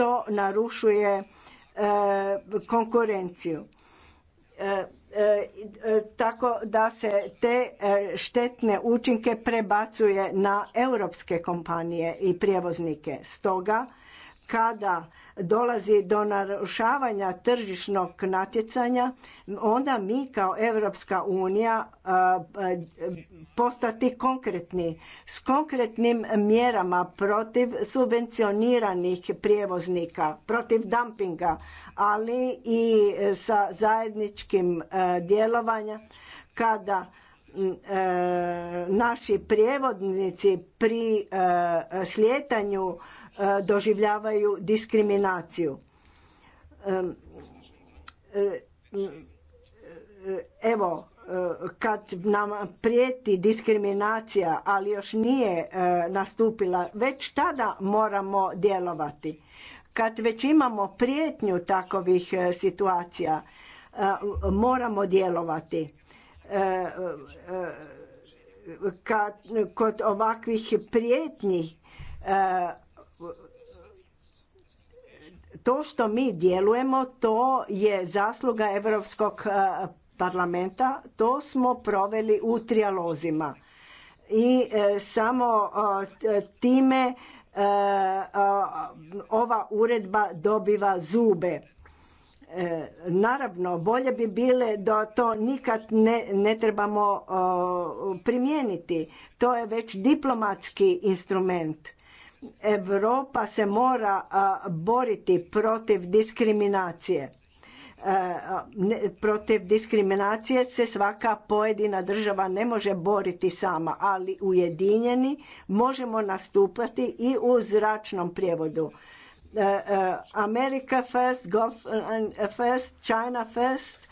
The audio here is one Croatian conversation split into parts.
što narušuje e, konkurenciju. E, e, tako da se te štetne učinke prebacuje na europske kompanije i prijevoznike. Stoga kada dolazi do narušavanja tržišnog natjecanja, onda mi kao Europska unija e, e, postati konkretni s konkretnim mjerama protiv subvencioniranih prijevoznika, protiv dumpinga, ali i sa zajedničkim e, djelovanjem kada naši prijevodnici pri slijetanju E, doživljavaju diskriminaciju. E, e, evo, kad nam prijeti diskriminacija, ali još nije nastupila, već tada moramo djelovati. Kad već imamo prijetnju takovih situacija, moramo djelovati. kod ovakvih prijetnji to što mi djelujemo to je zasluga Europskog e, parlamenta, to smo proveli u trijalozima. I e, samo time e, ova uredba dobiva zube. Naravno, bolje bi bile da to nikad ne trebamo primijeniti. To je već diplomatski instrument Europa se mora boriti protiv diskriminacije. E, protiv diskriminacije se svaka pojedina država ne može boriti sama, ali ujedinjeni možemo nastupati i u zračnom prijevodu. E, e, America first, Gulf first, China first,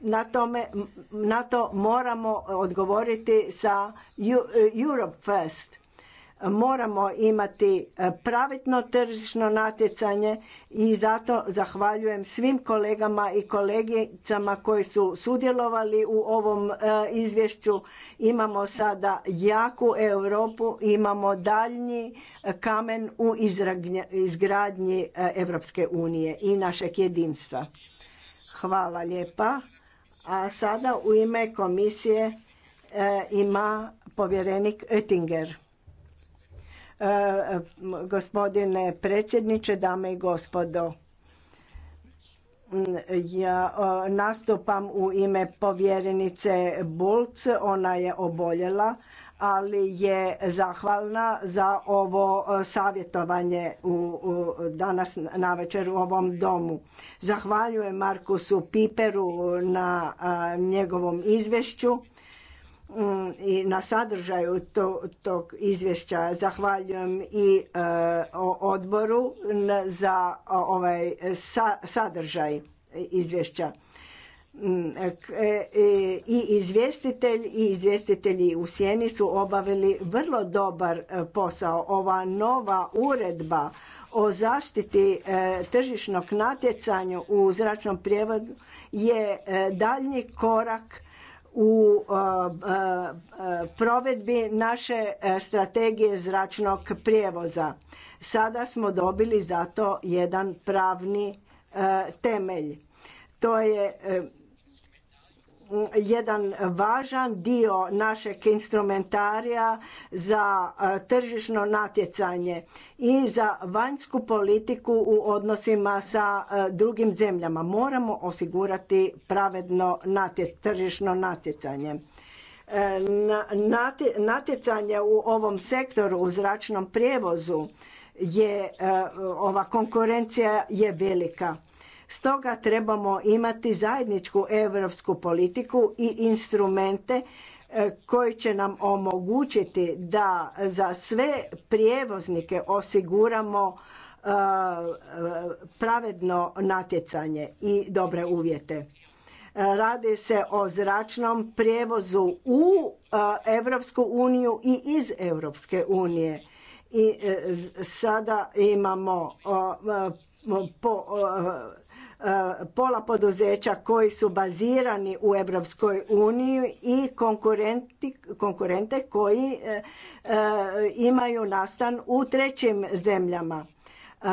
na, tome, na to moramo odgovoriti sa Europe first moramo imati e, pravitno tržišno natjecanje i zato zahvaljujem svim kolegama i kolegicama koji su sudjelovali u ovom e, izvješću. Imamo sada jaku Europu, imamo daljnji kamen u izgradnji Europske unije i našeg jedinstva. Hvala lijepa. A sada u ime komisije e, ima povjerenik Oettinger gospodine predsjedniče, dame i gospodo. Ja nastupam u ime povjerenice Bulc, ona je oboljela, ali je zahvalna za ovo savjetovanje u, u danas u ovom domu. Zahvaljujem Markusu Piperu na njegovom izvješću Mm, i na sadržaju tog izvješća zahvaljujem i e, odboru za ovaj sadržaj izvješća mm, e, e, i izvjestitelj i izvjestitelji u sjeni su obavili vrlo dobar posao. Ova nova uredba o zaštiti tržišnog natjecanja u zračnom prijevodu je daljnji korak u provedbi naše e, strategije zračnog prijevoza. Sada smo dobili zato jedan pravni e, temelj. To je e, jedan važan dio našeg instrumentarija za e, tržišno natjecanje i za vanjsku politiku u odnosima sa e, drugim zemljama. Moramo osigurati pravedno tržišno natjecanje. E, natjecanje u ovom sektoru, u zračnom prijevozu, je, ova konkurencija je velika Stoga trebamo imati zajedničku europsku politiku i instrumente e, koji će nam omogućiti da za sve prijevoznike osiguramo e, pravedno natjecanje i dobre uvjete. E, radi se o zračnom prijevozu u Europsku uniju i iz Europske unije. I sada imamo po pola poduzeća koji su bazirani u Europskoj uniji i konkurente koji e, e, imaju nastan u trećim zemljama. E,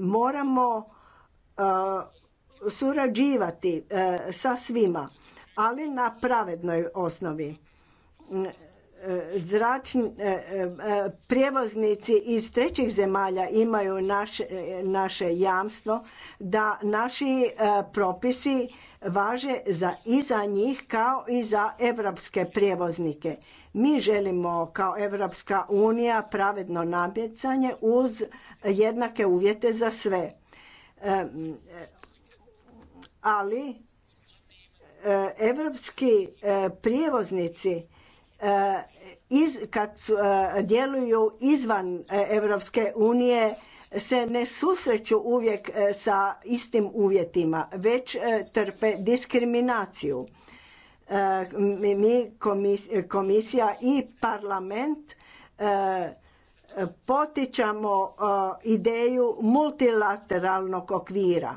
moramo surađivati sa svima, ali na pravednoj osnovi zračni e, e, e, prijevoznici iz trećih zemalja imaju naše, naše jamstvo da naši propisi važe za, i za njih kao i za evropske prijevoznike. Mi želimo kao Evropska unija pravedno namjecanje uz jednake uvjete za sve. Ali evropski prijevoznici kad e, djeluju izvan Europske unije se ne susreću uvijek e, sa istim uvjetima, već e, trpe diskriminaciju. Mi, komisija i parlament potičamo ideju multilateralnog okvira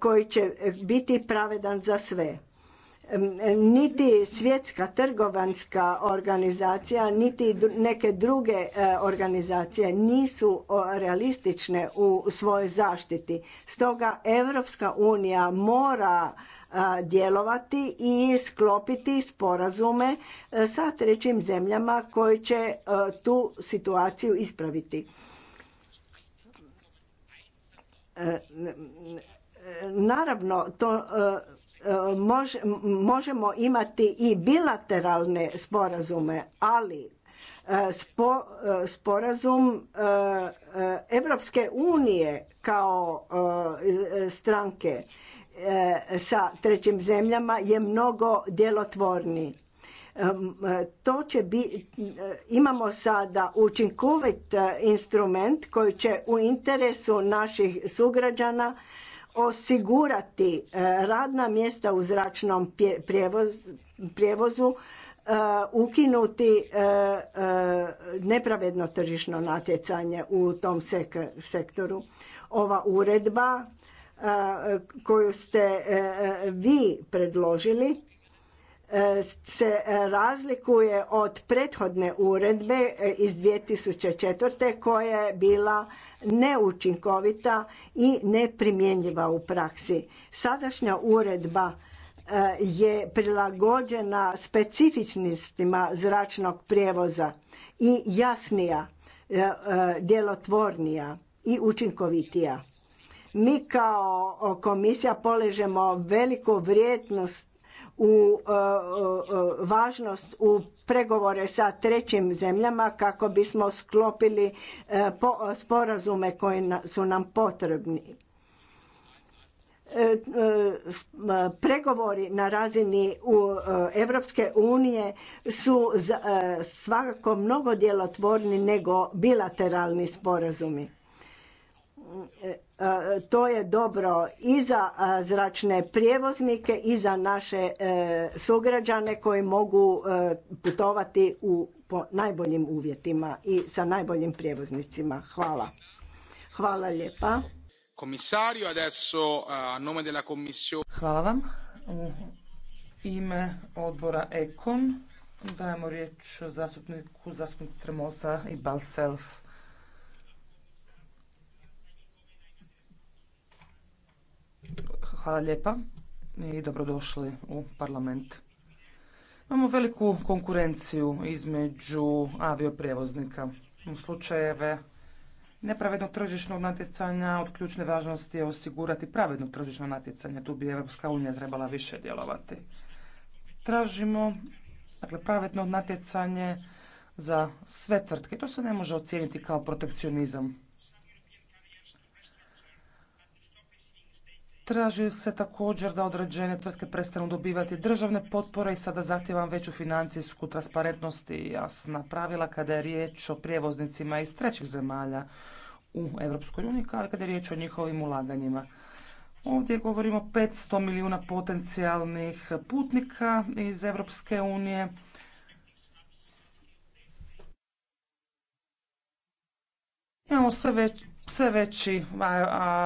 koji će biti pravedan za sve niti svjetska trgovanska organizacija niti neke druge e, organizacije nisu realistične u svojoj zaštiti stoga Europska unija mora djelovati i sklopiti sporazume e, sa trećim zemljama koje će e, tu situaciju ispraviti naravno to možemo imati i bilateralne sporazume, ali e, e, sporazum e, Evropske unije kao stranke sa trećim zemljama je mnogo djelotvorniji. To će bi, imamo sada učinkovit instrument koji će u interesu naših sugrađana osigurati e, radna mjesta u zračnom prijevozu, e, ukinuti e, nepravedno tržišno natjecanje u tom sektoru. Ova uredba koju ste vi predložili E, se razlikuje od prethodne uredbe e, iz 2004. koja je bila neučinkovita i neprimjenjiva u praksi. Sadašnja uredba e, je prilagođena specifičnostima zračnog prijevoza i jasnija, djelotvornija i učinkovitija. Mi kao komisija poležemo veliku vrijednost u e, e, e, važnost u pregovore sa trećim zemljama kako bismo sklopili sporazume koji su nam potrebni pregovori na razini Europske unije su svakako mnogo djelotvorni nego bilateralni sporazumi. E, to je dobro i za zračne prijevoznike i za naše e, sugrađane koji mogu e, putovati u, po najboljim uvjetima i sa najboljim prijevoznicima. Hvala. Hvala lijepa. Hvala vam. U ime odbora Ekon dajemo riječ zastupniku, zastupniku Tremosa i Balsels. Hvala lijepa i dobrodošli u parlament. Imamo veliku konkurenciju između avioprijevoznika. U slučajeve nepravednog tržišnog natjecanja od ključne važnosti je osigurati pravedno tržišno natjecanje. Tu bi Evropska unija trebala više djelovati. Tražimo dakle, pravedno natjecanje za sve tvrtke. To se ne može ocijeniti kao protekcionizam. Traži se također da određene tvrtke prestanu dobivati državne potpore i sada zahtijevam veću financijsku transparentnost i jasna pravila kada je riječ o prijevoznicima iz trećih zemalja u EU, uniji, kao i kada je riječ o njihovim ulaganjima. Ovdje govorimo o 500 milijuna potencijalnih putnika iz EU. unije. Imamo sve veći,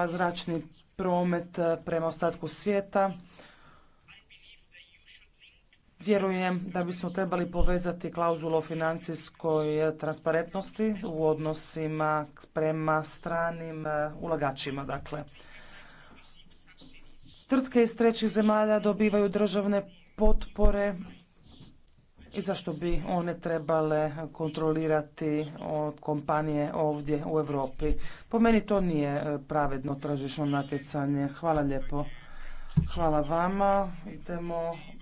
zračni promet eh, prema ostatku svijeta. Vjerujem da bismo trebali povezati klauzulu o financijskoj eh, transparentnosti u odnosima prema stranim eh, ulagačima. Dakle, tvrtke iz trećih zemalja dobivaju državne potpore i zašto bi one trebale kontrolirati od kompanije ovdje u Europi. Po meni to nije e, pravedno tržišno natjecanje. Hvala lijepo. Hvala vama. Idemo,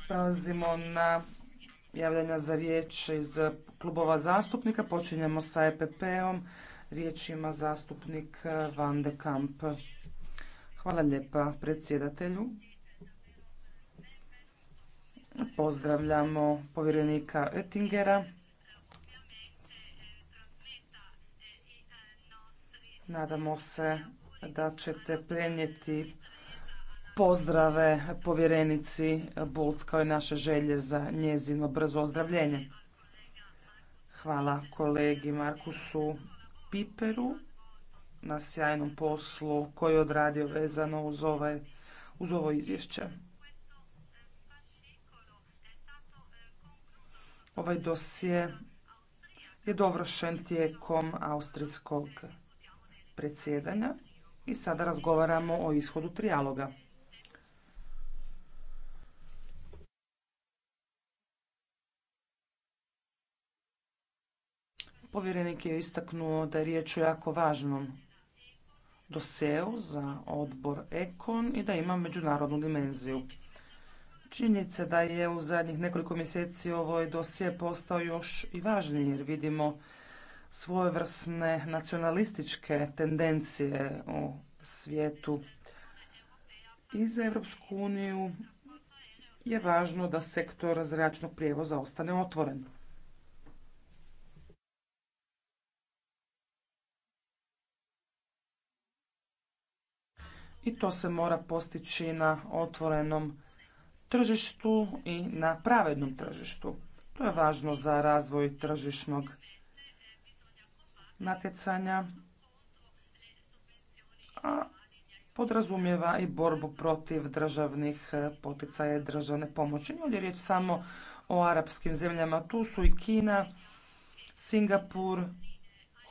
prelazimo na javljanja za riječ iz klubova zastupnika. Počinjemo sa EPP-om. Riječ ima zastupnik e, Van de Kamp. Hvala lijepa predsjedatelju. Pozdravljamo povjerenika Oettingera. Nadamo se da ćete prenijeti pozdrave povjerenici Bulc kao i naše želje za njezino brzo ozdravljenje. Hvala kolegi Markusu Piperu na sjajnom poslu koji je odradio vezano uz, ovaj, uz ovo izvješće. Ovaj dosje je dovršen tijekom austrijskog predsjedanja i sada razgovaramo o ishodu trijaloga. Povjerenik je istaknuo da je riječ o jako važnom doseu za odbor Ekon i da ima međunarodnu dimenziju. Činjenica da je u zadnjih nekoliko mjeseci ovaj dosje postao još i važniji jer vidimo svojevrsne nacionalističke tendencije u svijetu. I za Europsku uniju je važno da sektor zračnog prijevoza ostane otvoren. I to se mora postići na otvorenom tržištu i na pravednom tržištu. To je važno za razvoj tržišnog natjecanja, a podrazumijeva i borbu protiv državnih e, poticaja i državne pomoći. Nije li riječ samo o arapskim zemljama, tu su i Kina, Singapur,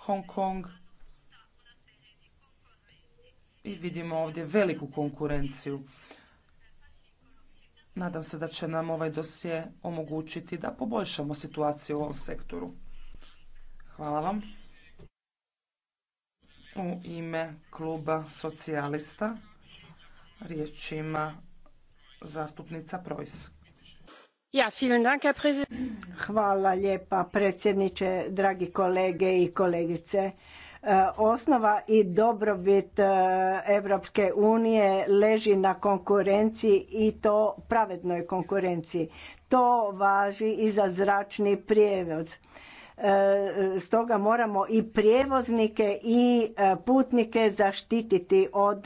Hong Kong i vidimo ovdje veliku konkurenciju. Nadam se da će nam ovaj dosje omogućiti da poboljšamo situaciju u ovom sektoru. Hvala vam. U ime kluba socijalista riječ ima zastupnica Projs. Ja, vielen Dank, Hvala lijepa predsjedniče, dragi kolege i kolegice. E, osnova i dobrobit e, Evropske unije leži na konkurenciji i to pravednoj konkurenciji. To važi i za zračni prijevoz. E, stoga moramo i prijevoznike i putnike zaštititi od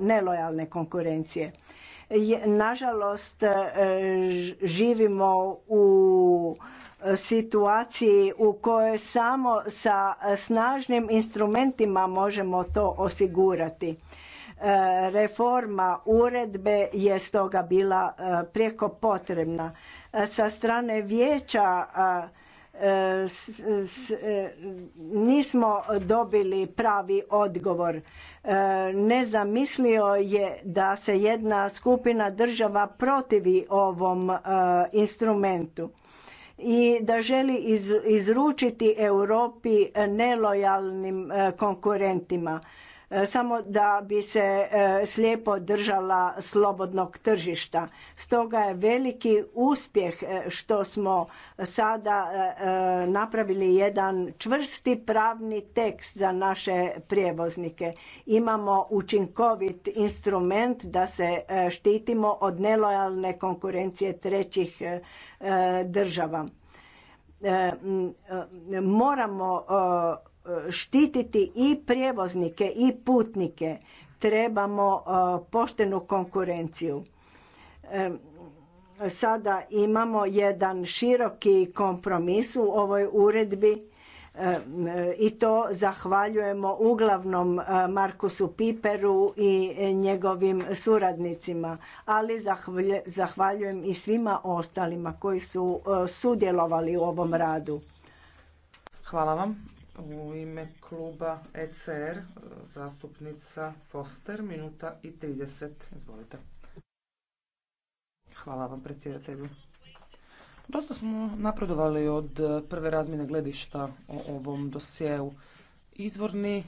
nelojalne konkurencije. Nažalost, živimo u situaciji u kojoj samo sa snažnim instrumentima možemo to osigurati. E, reforma uredbe je stoga bila e, prijeko potrebna. E, sa strane vijeća nismo dobili pravi odgovor. Nezamislio je da se jedna skupina država protivi ovom instrumentu i da želi izručiti Europi e, nelojalnim e, konkurentima e, samo da bi se slijepo držala slobodnog tržišta. Stoga je veliki uspjeh što smo sada napravili jedan čvrsti pravni tekst za naše prijevoznike. Imamo učinkovit instrument da se štitimo od nelojalne konkurencije trećih država. E, e, moramo štititi i prijevoznike i putnike. Trebamo poštenu konkurenciju. E, sada imamo jedan široki kompromis u ovoj uredbi i to zahvaljujemo uglavnom eh, Markusu Piperu i njegovim suradnicima, ali zahvaljujem i svima ostalima koji su eh, sudjelovali u ovom radu. Hvala vam. U ime kluba ECR eh, zastupnica Foster, minuta i 30. Izvolite. Hvala vam predsjedatelju. Dosta smo napredovali od eh, prve razmjene gledišta o ovom dosjeu. Izvorni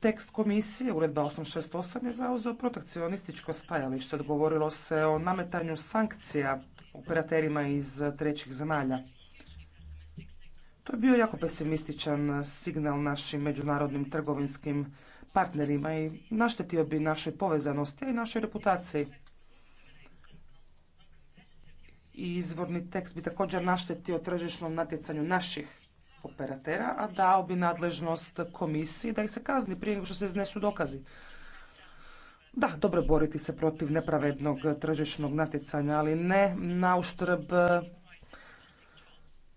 tekst komisije, uredba 868, je zauzeo protekcionističko stajalište. Govorilo se o nametanju sankcija operaterima iz eh, trećih zemalja. To je bio jako pesimističan eh, signal našim međunarodnim trgovinskim partnerima i naštetio bi našoj povezanosti i našoj reputaciji izvorni tekst bi također naštetio tržišnom natjecanju naših operatera, a dao bi nadležnost komisiji da ih se kazni prije nego što se iznesu dokazi. Da, dobro je boriti se protiv nepravednog tržišnog natjecanja, ali ne na uštrb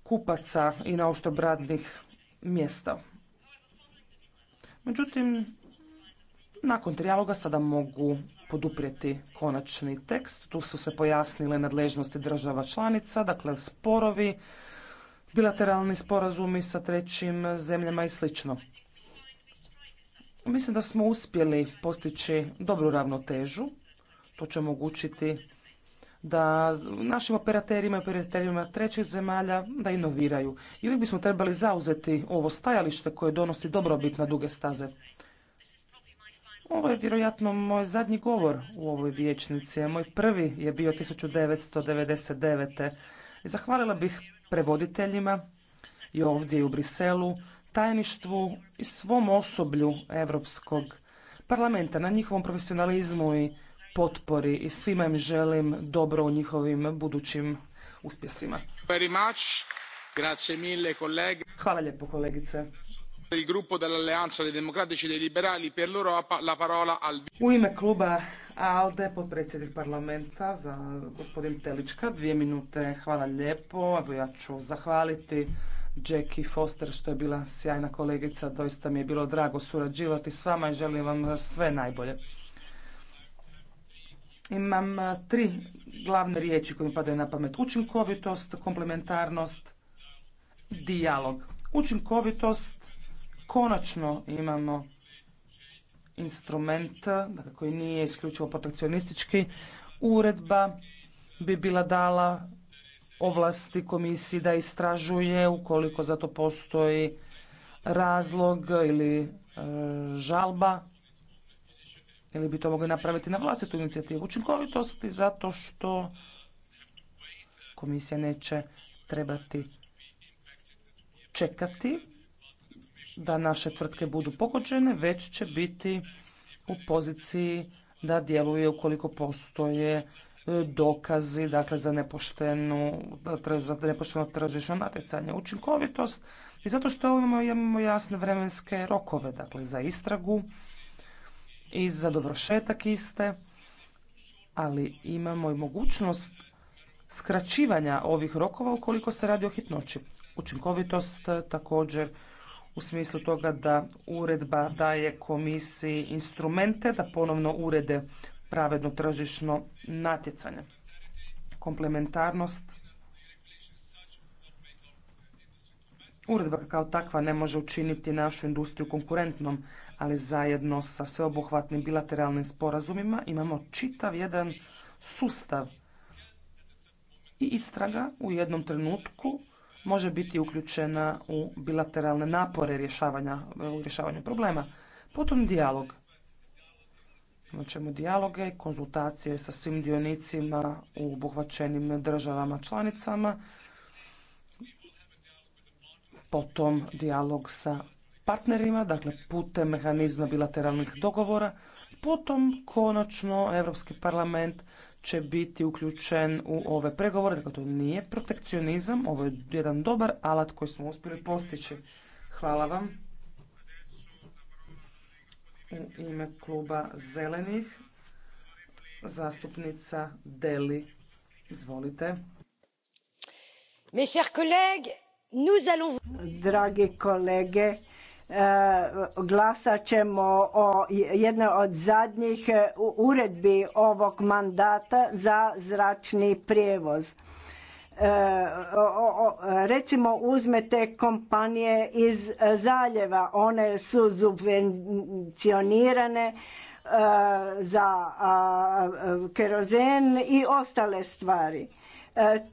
kupaca i na uštrb radnih mjesta. Međutim, nakon trijaloga sada mogu poduprijeti konačni tekst. Tu su se pojasnile nadležnosti država članica, dakle sporovi, bilateralni sporazumi sa trećim zemljama i sl. Mislim da smo uspjeli postići dobru ravnotežu. To će omogućiti da našim operaterima i operaterima trećih zemalja da inoviraju. I uvijek bismo trebali zauzeti ovo stajalište koje donosi dobrobit na duge staze. Ovo je vjerojatno moj zadnji govor u ovoj vijećnici, a moj prvi je bio 1999. Zahvalila bih prevoditeljima i ovdje u Briselu, tajništvu i svom osoblju Europskog parlamenta na njihovom profesionalizmu i potpori i svima im želim dobro u njihovim budućim uspjesima. Hvala lijepo kolegice. E U ime kluba ALDE, potpredsjednik parlamenta, za gospodin Telička, dvije minute, hvala lijepo. Evo ja ću zahvaliti Jackie Foster što je bila sjajna kolegica, doista mi je bilo drago surađivati s vama i želim vam sve najbolje. Imam e, tri glavne riječi koje mi padaju na pamet. Učinkovitost, komplementarnost, dijalog. Učinkovitost konačno imamo instrument dakle, koji nije isključivo protekcionistički. Uredba bi bila dala ovlasti komisiji da istražuje ukoliko za to postoji razlog ili e, žalba ili bi to mogli napraviti na vlastitu inicijativu učinkovitosti zato što komisija neće trebati čekati da naše tvrtke budu pogođene, već će biti u poziciji da djeluje ukoliko postoje e, dokazi dakle, za nepoštenu, za nepošteno tržišno natjecanje. Učinkovitost i zato što imamo, imamo jasne vremenske rokove dakle, za istragu i za dovršetak iste, ali imamo i mogućnost skraćivanja ovih rokova ukoliko se radi o hitnoći. Učinkovitost također u smislu toga da uredba daje komisiji instrumente da ponovno urede pravedno tržišno natjecanje. Komplementarnost Uredba kao takva ne može učiniti našu industriju konkurentnom, ali zajedno sa sveobuhvatnim bilateralnim sporazumima imamo čitav jedan sustav i istraga u jednom trenutku može biti uključena u bilateralne napore u rješavanju problema. Potom dijalog. Imat ćemo dijaloge i konzultacije sa svim dionicima u obuhvaćenim državama članicama. Potom dijalog sa partnerima, dakle putem mehanizma bilateralnih dogovora. Potom konačno Europski parlament će biti uključen u ove pregovore. Dakle, to nije protekcionizam, ovo je jedan dobar alat koji smo uspjeli postići. Hvala vam. U ime kluba Zelenih, zastupnica Deli. Izvolite. Mes chers collègues, nous allons... Dragi kolege, glasat ćemo o jednoj od zadnjih e, uredbi ovog mandata za zračni prijevoz. E, recimo uzmete kompanije iz zaljeva, one su subvencionirane e, za kerozen i ostale stvari.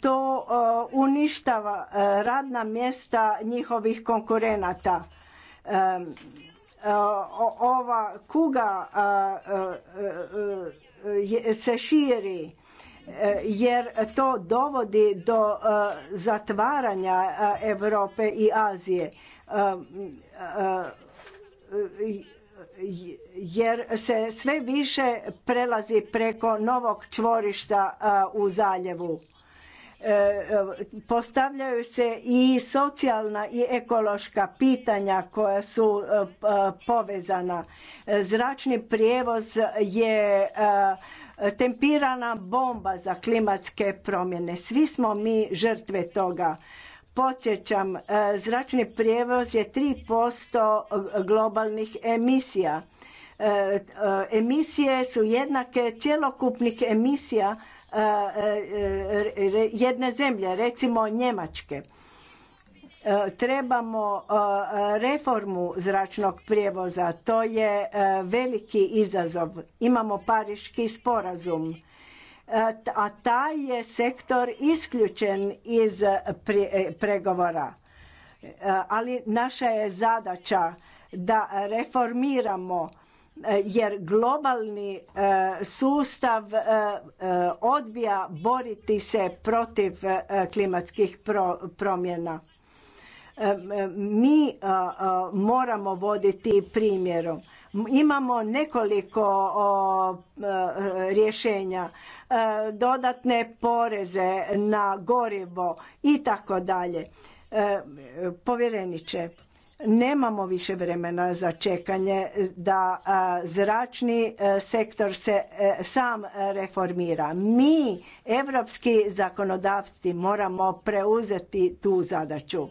To uništava radna mjesta njihovih konkurenata E, ova kuga e, e, se širi jer to dovodi do zatvaranja Europe i Azije jer se sve više prelazi preko novog čvorišta u zaljevu E, postavljaju se i socijalna i ekološka pitanja koja su e, povezana. Zračni prijevoz je e, tempirana bomba za klimatske promjene. Svi smo mi žrtve toga. Podsjećam, zračni prijevoz je 3% globalnih emisija. Emisije su jednake cjelokupnih emisija E, e, e, jedne zemlje, recimo Njemačke. Trebamo reformu zračnog prijevoza, to je veliki izazov. Imamo pariški sporazum, a taj je sektor isključen iz pregovora. Ali naša je zadaća da reformiramo jer globalni e, sustav e, e, odbija boriti se protiv klimatskih promjena. Mi moramo voditi primjerom. Imamo nekoliko rješenja, dodatne poreze na gorivo i tako dalje. Povjereniče, Nemamo više vremena za čekanje da zračni e, sektor se e, sam reformira. Mi, evropski zakonodavci, moramo preuzeti tu zadaću.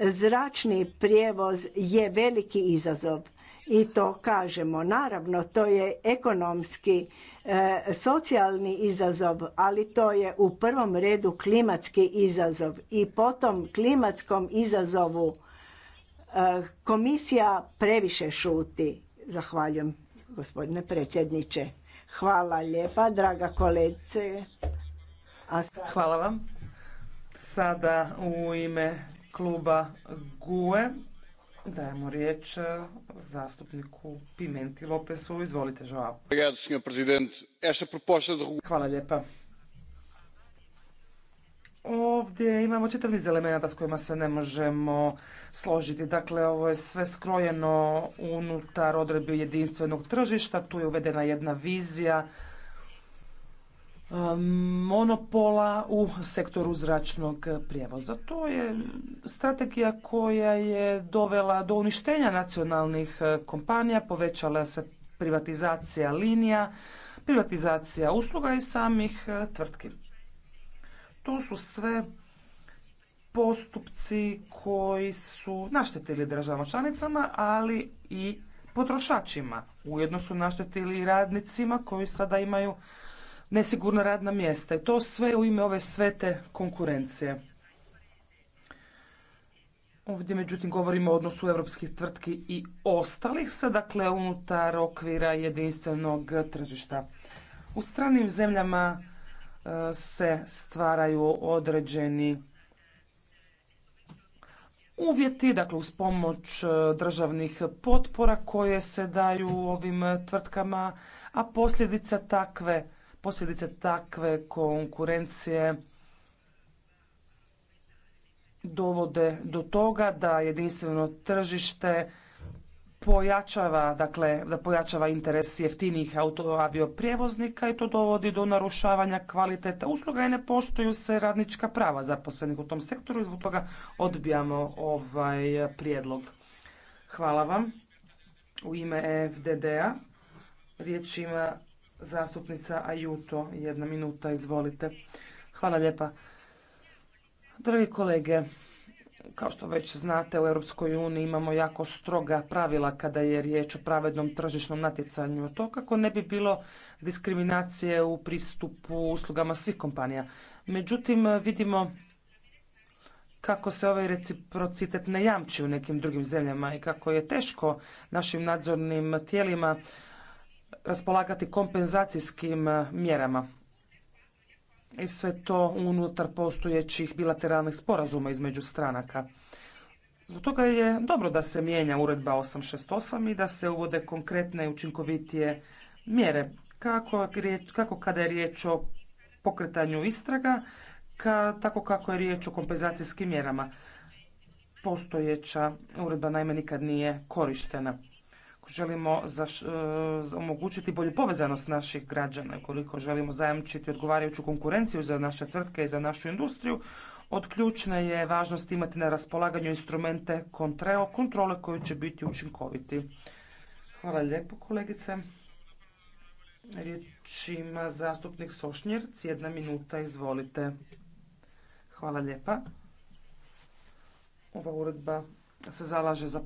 Zračni prijevoz je veliki izazov i to kažemo. Naravno, to je ekonomski, e, socijalni izazov, ali to je u prvom redu klimatski izazov i potom klimatskom izazovu E, komisija previše šuti. Zahvaljujem, gospodine predsjedniče. Hvala lijepa, draga kolegice. Hvala vam. Sada u ime kluba GUE dajemo riječ zastupniku Pimenti Lopesu. Izvolite, Joao. Hvala lijepa ovdje imamo čitav niz elemenata s kojima se ne možemo složiti. Dakle, ovo je sve skrojeno unutar odredbi jedinstvenog tržišta, tu je uvedena jedna vizija um, monopola u sektoru zračnog prijevoza. To je strategija koja je dovela do uništenja nacionalnih uh, kompanija, povećala se privatizacija linija, privatizacija usluga i samih uh, tvrtki. To su sve postupci koji su naštetili državama članicama, ali i potrošačima. Ujedno su naštetili i radnicima koji sada imaju nesigurna radna mjesta i to sve u ime ove svete konkurencije. Ovdje međutim govorimo o odnosu evropskih tvrtki i ostalih se dakle unutar okvira jedinstvenog tržišta. U stranim zemljama se stvaraju određeni uvjeti, dakle uz pomoć e, državnih potpora koje se daju ovim tvrtkama, a posljedica takve, posljedice takve konkurencije dovode do toga da jedinstveno tržište pojačava, dakle, da pojačava interes jeftinijih avioprijevoznika i to dovodi do narušavanja kvaliteta usluga i ne poštuju se radnička prava zaposlenih u tom sektoru i zbog toga odbijamo ovaj prijedlog. Hvala vam. U ime FDD-a riječ ima zastupnica Ajuto. Jedna minuta, izvolite. Hvala lijepa. Dragi kolege, kao što već znate, u Europskoj uniji imamo jako stroga pravila kada je riječ o pravednom tržišnom natjecanju. To kako ne bi bilo diskriminacije u pristupu uslugama svih kompanija. Međutim, vidimo kako se ovaj reciprocitet ne jamči u nekim drugim zemljama i kako je teško našim nadzornim tijelima raspolagati kompenzacijskim mjerama i sve to unutar postojećih bilateralnih sporazuma između stranaka. Zbog toga je dobro da se mijenja uredba 868 i da se uvode konkretne i učinkovitije mjere kako, kako kada je riječ o pokretanju istraga, ka, tako kako je riječ o kompenzacijskim mjerama. Postojeća uredba naime nikad nije korištena želimo zaš, e, omogućiti bolju povezanost naših građana, koliko želimo zajamčiti odgovarajuću konkurenciju za naše tvrtke i za našu industriju, od ključne je važnost imati na raspolaganju instrumente kontreo, kontrole koji će biti učinkoviti. Hvala lijepo kolegice. Riječ ima zastupnik Sošnjerc, jedna minuta, izvolite. Hvala lijepa. Ova uredba se zalaže za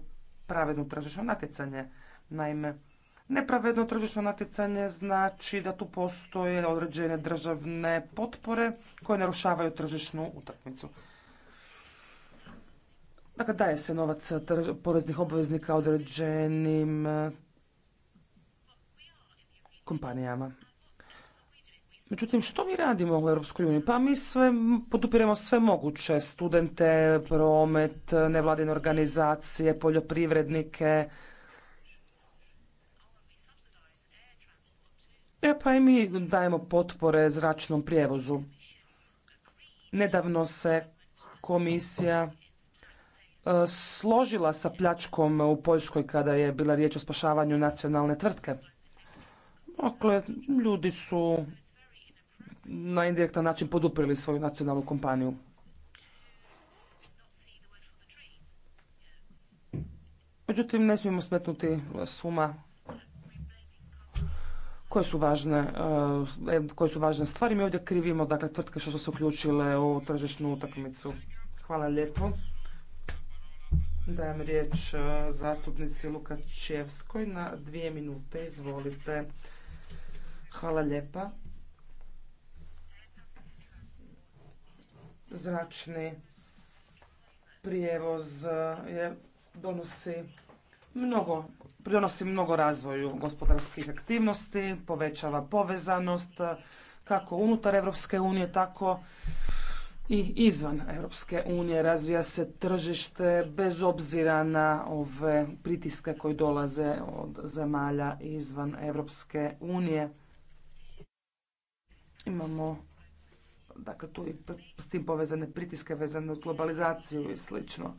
pravedno tržišno natjecanje. Naime, nepravedno tržišno natjecanje znači da tu postoje određene državne potpore koje narušavaju tržišnu utakmicu. Dakle, daje se novac poreznih obveznika određenim e, kompanijama. Međutim, što mi radimo u Europskoj uniji? Pa mi sve podupiremo sve moguće, studente, promet, nevladine organizacije, poljoprivrednike, pa i mi dajemo potpore zračnom prijevozu. Nedavno se komisija e, složila sa pljačkom u Poljskoj kada je bila riječ o spašavanju nacionalne tvrtke. Dakle, ljudi su na indirektan način poduprili svoju nacionalnu kompaniju. Međutim, ne smijemo smetnuti suma koje su važne, eh, koje su važne stvari. Mi ovdje krivimo dakle, tvrtke što su se uključile u tržišnu utakmicu. Hvala lijepo. Dajem riječ eh, zastupnici Lukačevskoj na dvije minute. Izvolite. Hvala lijepa. Zračni prijevoz eh, je donosi mnogo, prinosi mnogo razvoju gospodarskih aktivnosti, povećava povezanost kako unutar Europske unije, tako i izvan Europske unije. Razvija se tržište bez obzira na ove pritiske koji dolaze od zemalja izvan Europske unije. Imamo dakle tu i s tim povezane pritiske vezane uz globalizaciju i slično.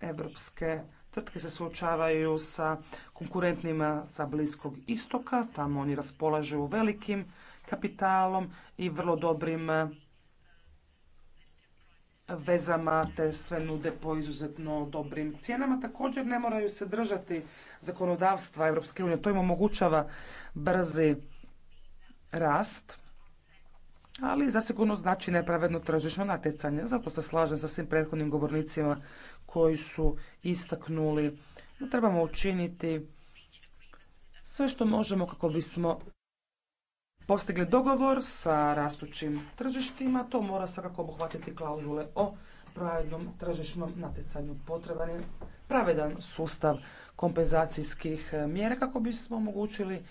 Europske tvrtke se suočavaju sa konkurentnima sa Bliskog istoka, tamo oni raspolažu velikim kapitalom i vrlo dobrim eh, vezama te sve nude po izuzetno dobrim cijenama. Također ne moraju se držati zakonodavstva EU, unije. To im omogućava brzi rast ali zasigurno znači nepravedno tržišno natjecanje. Zato se slažem sa svim prethodnim govornicima koji su istaknuli da trebamo učiniti sve što možemo kako bismo postigli dogovor sa rastućim tržištima. To mora svakako obuhvatiti klauzule o pravednom tržišnom natjecanju. Potreban je pravedan sustav kompenzacijskih mjera kako bismo omogućili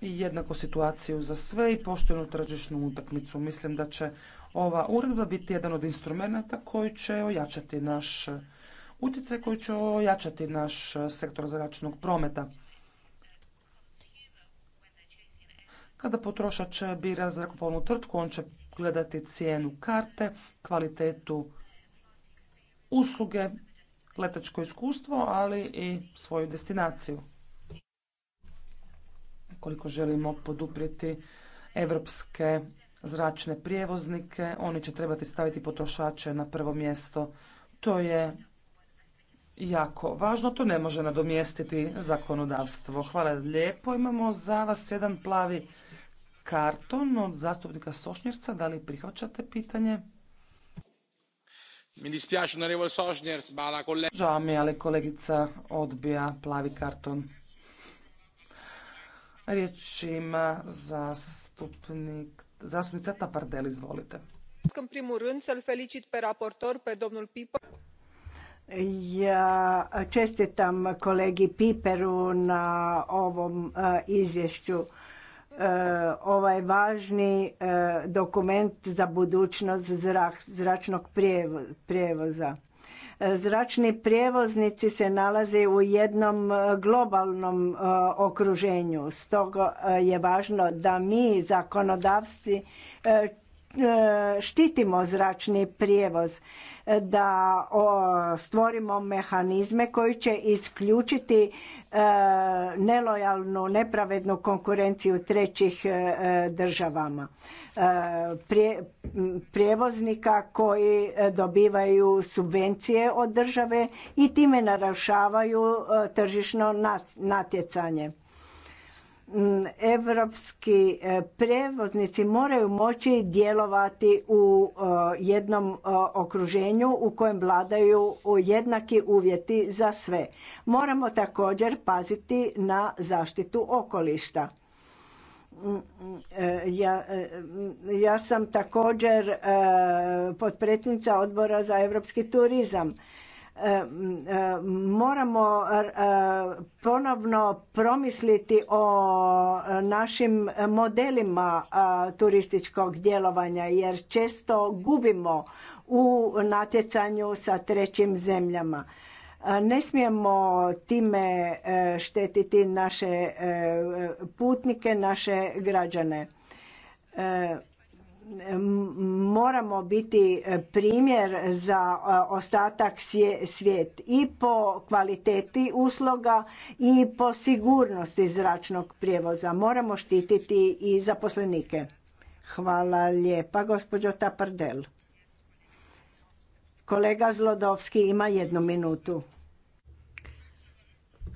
i jednaku situaciju za sve i poštenu tržišnu utakmicu. Mislim da će ova uredba biti jedan od instrumenata koji će ojačati naš utjecaj, koji će ojačati naš sektor zračnog prometa. Kada potrošač bira zrakoplovnu tvrtku, on će gledati cijenu karte, kvalitetu usluge, letačko iskustvo, ali i svoju destinaciju koliko želimo poduprijeti evropske zračne prijevoznike. Oni će trebati staviti potrošače na prvo mjesto. To je jako važno. To ne može nadomjestiti zakonodavstvo. Hvala lijepo. Imamo za vas jedan plavi karton od zastupnika Sošnjerca. Da li prihvaćate pitanje? Žao mi je, ali kolegica odbija plavi karton. Riječ ima zastupnik, zastupnica Tapardel, izvolite. primul rând să felicit raportor, pe domnul Ja čestitam kolegi Piperu na ovom e, izvješću. E, ovaj važni e, dokument za budućnost zračnog prijevoza Zračni prijevoznici se nalaze u jednom e, globalnom e, okruženju. Stoga e, je važno da mi zakonodavci štitimo zračni prijevoz da stvorimo mehanizme koji će isključiti nelojalnu, nepravednu konkurenciju trećih državama. E, prijevoznika koji e, dobivaju subvencije od države i time narušavaju e, tržišno natjecanje. Mm, Europski prijevoznici moraju moći djelovati u jednom okruženju u kojem vladaju jednaki uvjeti za sve. Moramo također paziti na zaštitu okolišta ja, ja sam također e, potpredsjednica odbora za europski turizam. E, e, moramo ponovno promisliti o našim modelima turističkog djelovanja jer često gubimo u natjecanju sa trećim zemljama ne smijemo time e, štetiti naše e, putnike, naše građane. E, moramo biti primjer za ostatak svijet i po kvaliteti usloga i po sigurnosti zračnog prijevoza. Moramo štititi i zaposlenike. Hvala lijepa, gospođo Tapardel. Kolega Zlodovski ima jednu minutu.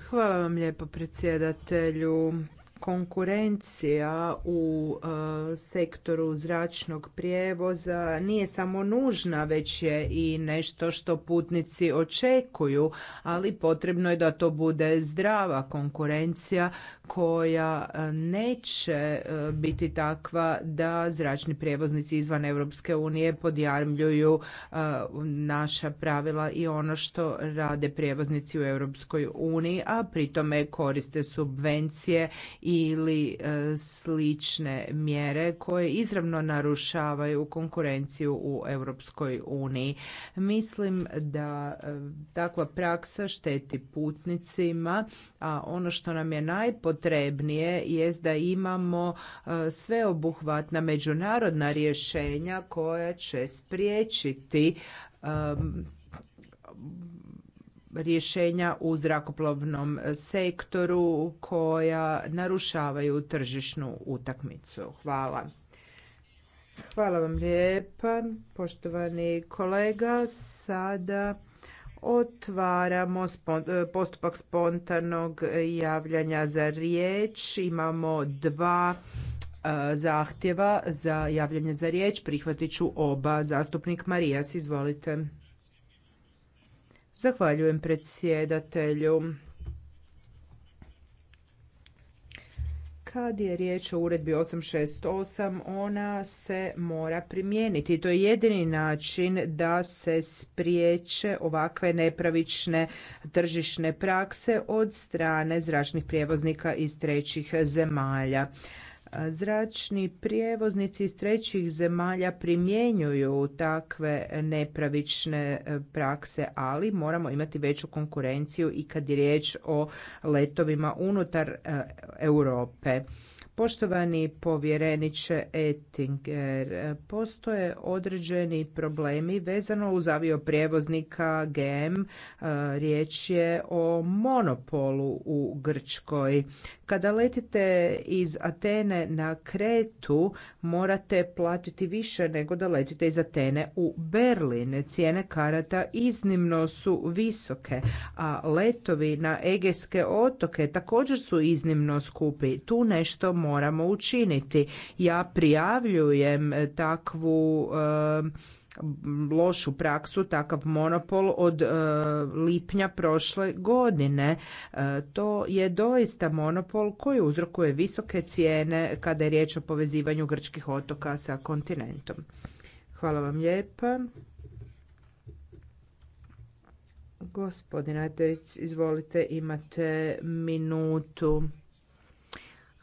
Hvala vam lijepo predsjedatelju. Konkurencija u e, sektoru zračnog prijevoza nije samo nužna, već je i nešto što putnici očekuju, ali potrebno je da to bude zdrava konkurencija koja e, neće e, biti takva da zračni prijevoznici izvan Europske unije podjarmljuju e, naša pravila i ono što rade prijevoznici u Europskoj uniji, a pritome koriste subvencije ili slične mjere koje izravno narušavaju konkurenciju u Europskoj uniji. Mislim da takva praksa šteti putnicima, a ono što nam je najpotrebnije trebnije jest da imamo e, sveobuhvatna međunarodna rješenja koja će spriječiti rješenja u zrakoplovnom sektoru koja narušavaju tržišnu utakmicu. Hvala. Hvala vam lijepa, poštovani kolega. Sada Otvaramo e, postupak spontanog javljanja za riječ. Imamo dva e, zahtjeva za javljanje za riječ. Prihvatit ću oba. Zastupnik Marijas, izvolite. Zahvaljujem predsjedatelju. Kad je riječ o uredbi 868, ona se mora primijeniti. To je jedini način da se spriječe ovakve nepravične tržišne prakse od strane zračnih prijevoznika iz trećih zemalja. Zračni prijevoznici iz trećih zemalja primjenjuju takve nepravične e, prakse, ali moramo imati veću konkurenciju i kad je riječ o letovima unutar e, Europe. Poštovani povjereniče Ettinger, e, postoje određeni problemi vezano uz avioprijevoznika GM. Riječ je o monopolu u Grčkoj. Kada letite iz Atene na Kretu, morate platiti više nego da letite iz Atene u Berlin. Cijene karata iznimno su visoke, a letovi na Egejske otoke također su iznimno skupi. Tu nešto moramo učiniti. Ja prijavljujem takvu eh, lošu praksu takav monopol od e, lipnja prošle godine. E, to je doista monopol koji uzrokuje visoke cijene kada je riječ o povezivanju grčkih otoka sa kontinentom. Hvala vam lijepa. Gospodin Ateric, izvolite, imate minutu.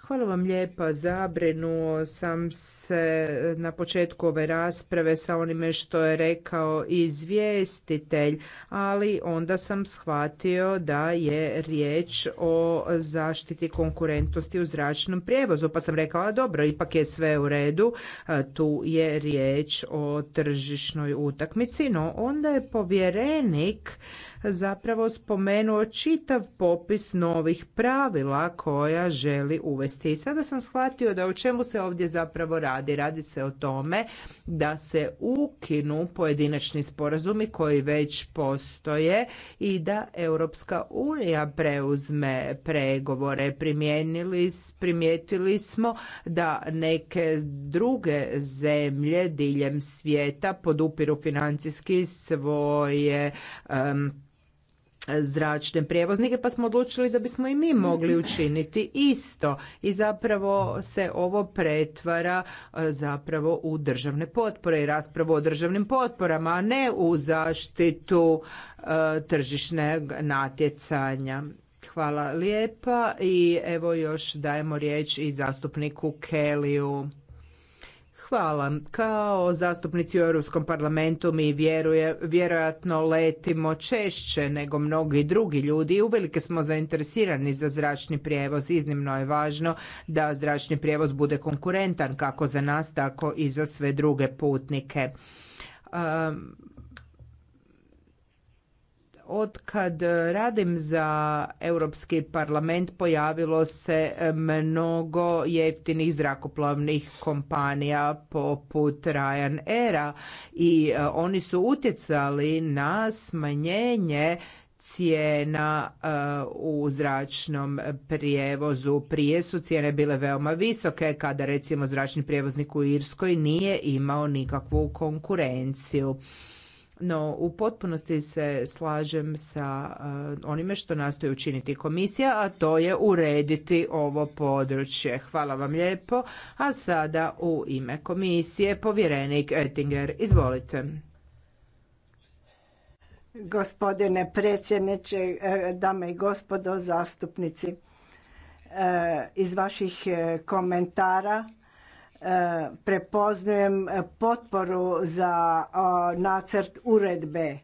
Hvala vam lijepa. Zabrinuo sam se na početku ove rasprave sa onime što je rekao izvjestitelj, ali onda sam shvatio da je riječ o zaštiti konkurentnosti u zračnom prijevozu, pa sam rekao, a dobro, ipak je sve u redu, tu je riječ o tržišnoj utakmici, no onda je povjerenik zapravo spomenuo čitav popis novih pravila koja želi uvesti. I sada sam shvatio da o čemu se ovdje zapravo radi. Radi se o tome da se ukinu pojedinačni sporazumi koji već postoje i da Europska unija preuzme pregovore. Primijenili, primijetili smo da neke druge zemlje diljem svijeta podupiru financijski svoje zračne prijevoznike pa smo odlučili da bismo i mi mogli učiniti isto i zapravo se ovo pretvara e, zapravo u državne potpore i raspravu o državnim potporama, a ne u zaštitu e, tržišnog natjecanja. Hvala lijepa i evo još dajemo riječ i zastupniku Keliju. Hvala. Kao zastupnici u Europskom parlamentu mi vjeruje, vjerojatno letimo češće nego mnogi drugi ljudi i uvelike smo zainteresirani za zračni prijevoz. Iznimno je važno da zračni prijevoz bude konkurentan kako za nas, tako i za sve druge putnike. Um, od kad radim za Europski parlament pojavilo se mnogo jeftinih zrakoplovnih kompanija poput Era i e, oni su utjecali na smanjenje cijena e, u zračnom prijevozu. Prije su cijene bile veoma visoke kada recimo zračni prijevoznik u Irskoj nije imao nikakvu konkurenciju. No, u potpunosti se slažem sa eh, onime što nastoji učiniti komisija, a to je urediti ovo područje. Hvala vam lijepo. A sada u ime komisije povjerenik Ettinger, Izvolite. Gospodine predsjedniče, eh, dame i gospodo zastupnici, eh, iz vaših komentara E, prepoznajem e, potporu za nacrt uredbe e,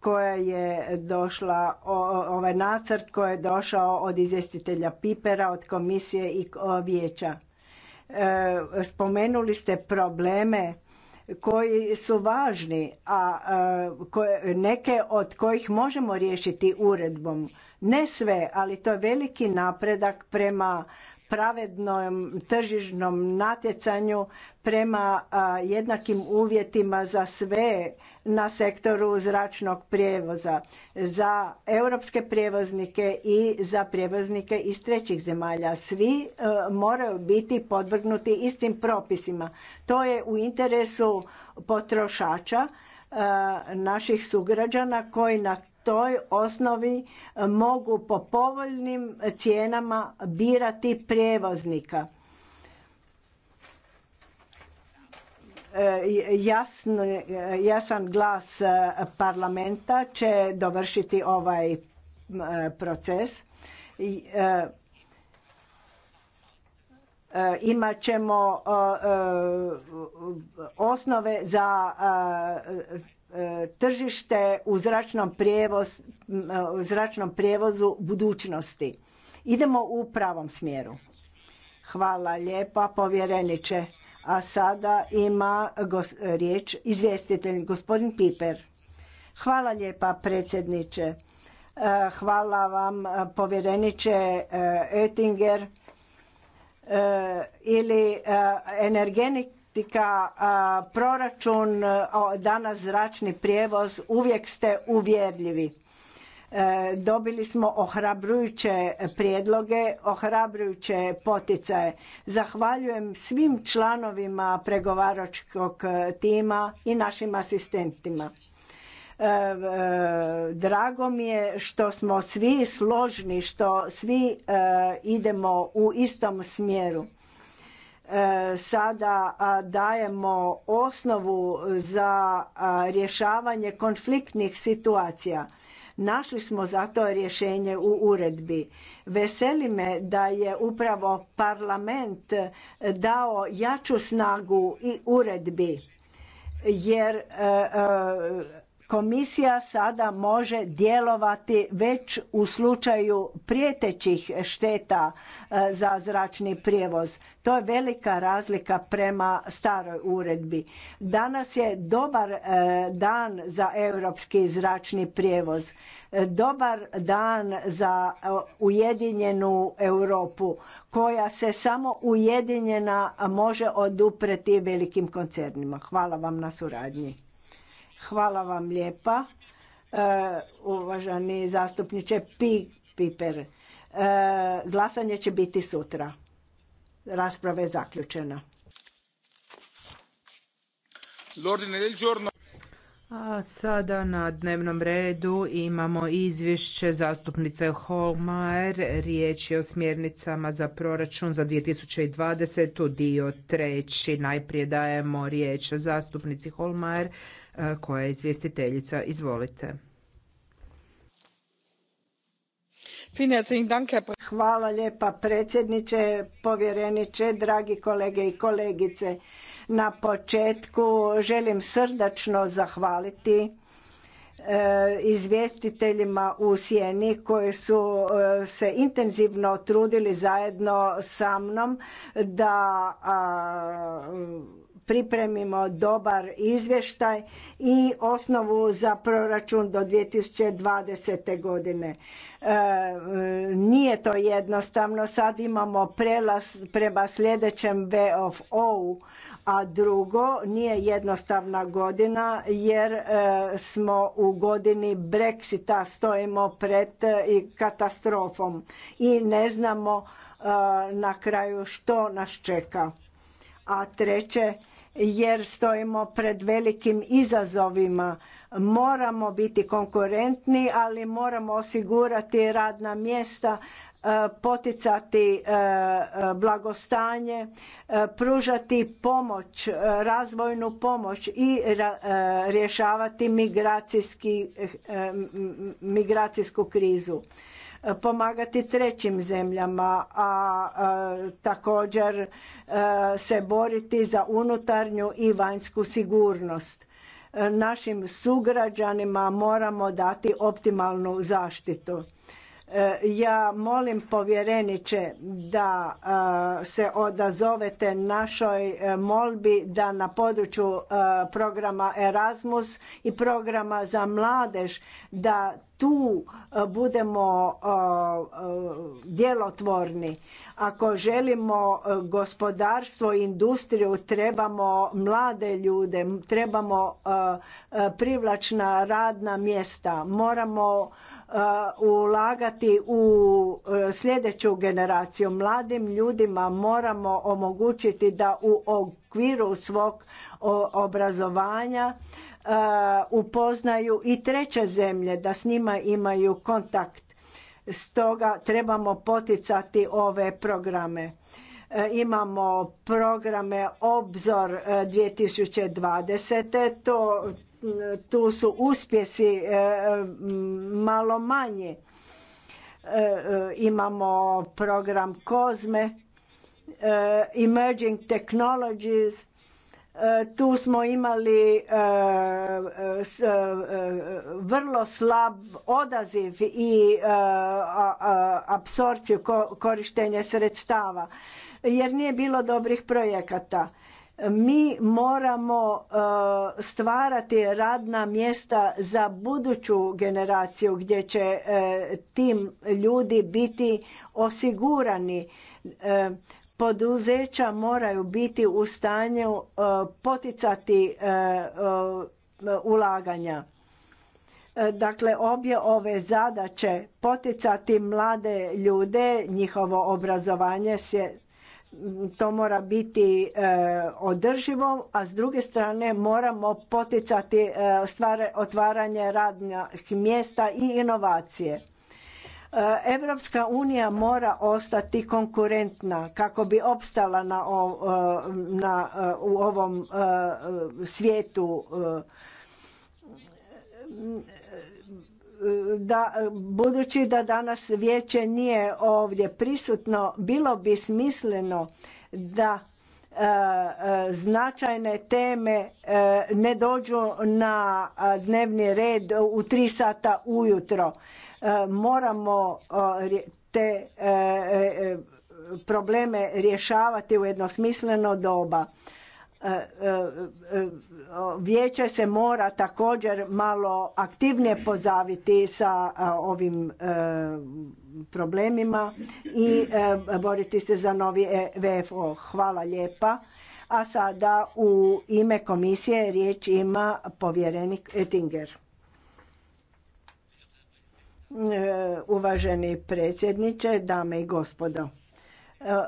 koja je došla, ovaj nacrt koji je došao od izvjestitelja Pipera, od komisije i vijeća. Spomenuli ste probleme koji su važni, a neke od kojih možemo riješiti uredbom. Ne sve, ali to je veliki napredak prema pravednom tržišnom natjecanju prema jednakim uvjetima za sve na sektoru zračnog prijevoza, za europske prijevoznike i za prijevoznike iz trećih zemalja. Svi moraju biti podvrgnuti istim propisima. To je u interesu potrošača, naših sugrađana koji na toj osnovi e, mogu po povoljnim cijenama birati prijevoznika. E, jasno, e, jasan glas parlamenta će dovršiti ovaj proces. Imat ćemo osnove za E, tržište u zračnom, prijevoz, e, u zračnom prijevozu budućnosti. Idemo u pravom smjeru. Hvala lijepa povjereniče. A sada ima gos, riječ izvjestitelj gospodin Piper. Hvala lijepa predsjedniče. E, hvala vam povjereniče Oettinger ili energenik politika, proračun, danas zračni prijevoz, uvijek ste uvjerljivi. E, dobili smo ohrabrujuće prijedloge, ohrabrujuće poticaje. Zahvaljujem svim članovima pregovaračkog tima i našim asistentima. E, e, drago mi je što smo svi složni, što svi idemo u istom smjeru E, sada dajemo osnovu za rješavanje konfliktnih situacija. Našli smo za to rješenje u uredbi. Veseli me da je upravo parlament e, dao jaču snagu i uredbi jer e, Komisija sada može djelovati već u slučaju prijetećih šteta e, za zračni prijevoz. To je velika razlika prema staroj uredbi. Danas je dobar e, dan za europski zračni prijevoz. E, dobar dan za ujedinjenu Europu koja se samo ujedinjena može odupreti velikim koncernima. Hvala vam na suradnji. Hvala vam lijepa, e, uvažani zastupniče Piper. E, glasanje će biti sutra. Rasprava je zaključena. sada na dnevnom redu imamo izvješće zastupnice Holmajer. Riječ je o smjernicama za proračun za 2020. dio treći. Najprije dajemo riječ zastupnici Holmajer E, koja je izvjestiteljica. Izvolite. Hvala lijepa predsjedniče, povjereniče, dragi kolege i kolegice. Na početku želim srdačno zahvaliti e, izvjestiteljima u Sjeni koji su e, se intenzivno trudili zajedno sa mnom da pripremimo dobar izvještaj i osnovu za proračun do 2020. godine. E, nije to jednostavno, sad imamo prelaz prema sljedećem of O. a drugo nije jednostavna godina jer e, smo u godini Brexita stojimo pred e, katastrofom i ne znamo na kraju što nas čeka. A treće, jer stojimo pred velikim izazovima. Moramo biti konkurentni, ali moramo osigurati radna mjesta, e, poticati e, e, blagostanje, pružati pomoć, razvojnu pomoć i rješavati migracijski, migracijsku krizu pomagati trećim zemljama, a također e, se boriti za unutarnju i vanjsku sigurnost. E, našim sugrađanima moramo dati optimalnu zaštitu. E, ja molim povjereniče da se odazovete našoj molbi da na području programa Erasmus i programa za mladež da tu e, budemo e, e, djelotvorni. Ako želimo gospodarstvo i industriju, trebamo mlade ljude, trebamo privlačna radna mjesta. Moramo ulagati u sljedeću generaciju. Mladim ljudima moramo omogućiti da u okviru svog obrazovanja Eh, upoznaju i treće zemlje, da s njima imaju kontakt. Stoga trebamo poticati ove programe. Eh, imamo programe Obzor 2020. Eh, to, mm, tu su uspjesi mm, malo manje. Imamo program Kozme, Emerging Technologies, tu smo imali e, e, e, vrlo slab odaziv i apsorpciju korištenje sredstava jer nije bilo dobrih projekata. Mi moramo stvarati radna mjesta za buduću generaciju gdje će tim ljudi biti osigurani Poduzeća moraju biti u stanju e, poticati e, e, ulaganja. Dakle, obje ove zadaće poticati mlade ljude, njihovo obrazovanje se to mora biti održivo, a s druge strane moramo poticati otvaranje radnih mjesta i inovacije. Europska unija mora ostati konkurentna kako bi opstala na, e, e, u ovom e, svijetu budući da danas vijeće nije ovdje prisutno, bilo bi smisleno da značajne teme ne dođu na dnevni red u tri sata ujutro. E, moramo te e, e, probleme rješavati u jednosmisleno doba. Vijeće se mora također malo aktivnije pozaviti sa ovim problemima i boriti se za novi VFO. Hvala lijepa. A sada u ime komisije riječ ima povjerenik Ettinger. E, uvaženi predsjedniče, dame i gospodo. E,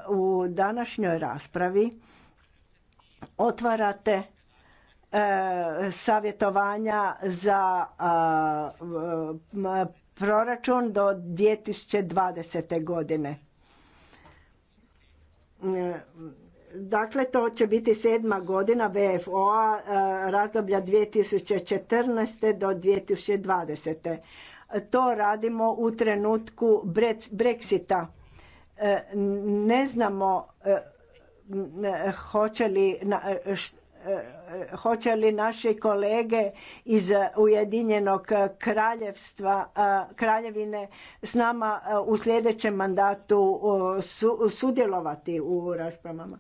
u današnjoj raspravi otvarate e, savjetovanja za proračun do 2020. godine. Dakle, to će biti sedma godina VFO-a razdoblja 2014. do 2020. To radimo u trenutku Brexita. E, ne znamo e, e, hoće li hoće kolege iz Ujedinjenog kraljevstva, kraljevine s nama u sljedećem mandatu sudjelovati u raspravama.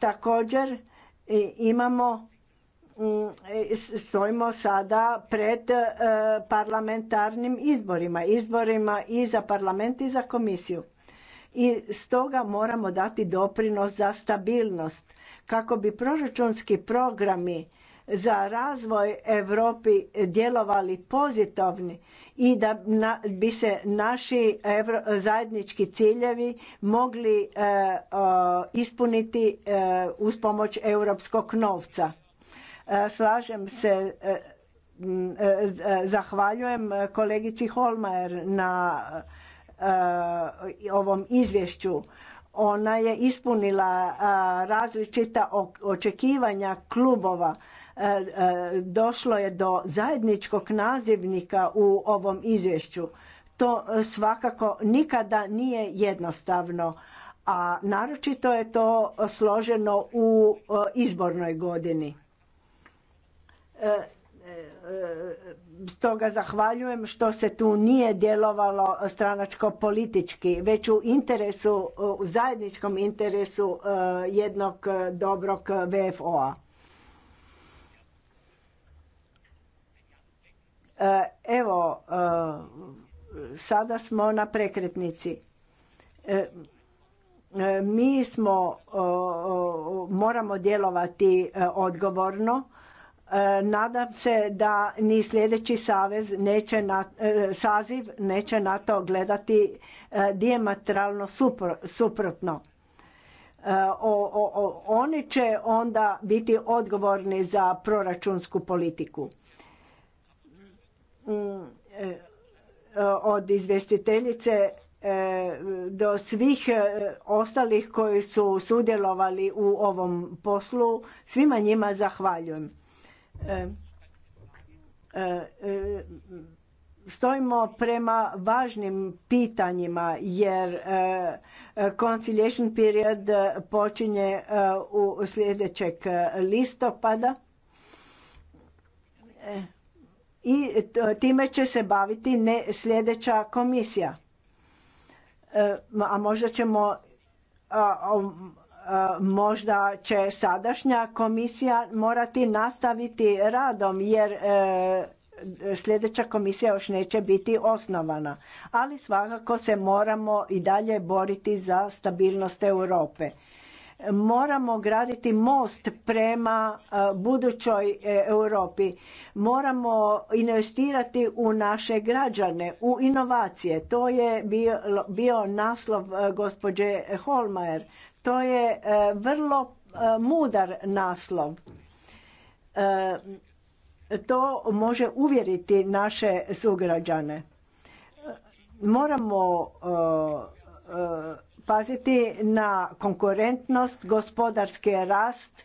također imamo Mm, e, stojimo sada pred e, parlamentarnim izborima, izborima i za parlament i za komisiju. I stoga moramo dati doprinos za stabilnost kako bi proračunski programi za razvoj Europi djelovali pozitivni i da bi se naši zajednički ciljevi mogli e, ispuniti uz pomoć europskog novca Slažem se, e, e, e, zahvaljujem kolegici Holmajer na ovom izvješću. Ona je ispunila različita očekivanja klubova. Došlo je do zajedničkog nazivnika u ovom izvješću. To svakako nikada nije jednostavno, a naročito je to složeno u izbornoj godini. E, e, e, stoga zahvaljujem što se tu nije djelovalo stranačko politički, već u interesu, u zajedničkom interesu jednog dobrog VFO-a. Evo, sada smo na prekretnici. Mi smo, moramo djelovati odgovorno E, nadam se da ni sljedeći savez neće na, e, saziv neće na to gledati e, dijametralno suprotno. oni će onda biti odgovorni za proračunsku politiku. Mm, od izvjestiteljice do svih ostalih koji su sudjelovali u ovom poslu, svima njima zahvaljujem. E, e, stojimo prema važnim pitanjima jer e, conciliation period počinje u sljedećeg listopada i time će se baviti ne sljedeća komisija. A možda ćemo možda će sadašnja komisija morati nastaviti radom jer e, sljedeća komisija još neće biti osnovana. Ali svakako se moramo i dalje boriti za stabilnost Europe. Moramo graditi most prema e, budućoj e, Europi. Moramo investirati u naše građane, u inovacije. To je bio, naslov gospođe Holmajer. To je e, vrlo e, mudar naslov. E, to može uvjeriti naše sugrađane. Moramo paziti na konkurentnost, gospodarski rast,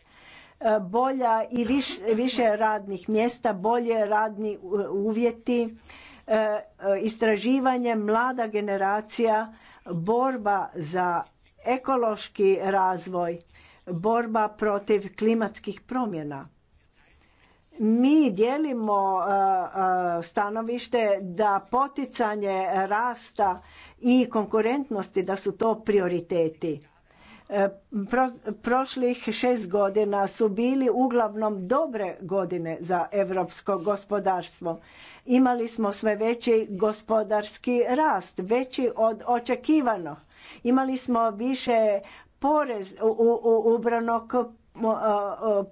bolja i više radnih mjesta, bolje radni uvjeti, istraživanje, mlada generacija, borba za ekološki razvoj, borba protiv klimatskih promjena. Mi dijelimo e, e, stanovište da poticanje rasta i konkurentnosti da su to prioriteti. E, prošlih šest godina su bili uglavnom dobre godine za europsko gospodarstvo. Imali smo sve veći gospodarski rast, veći od očekivanog Imali smo više porez, u, ubranog e,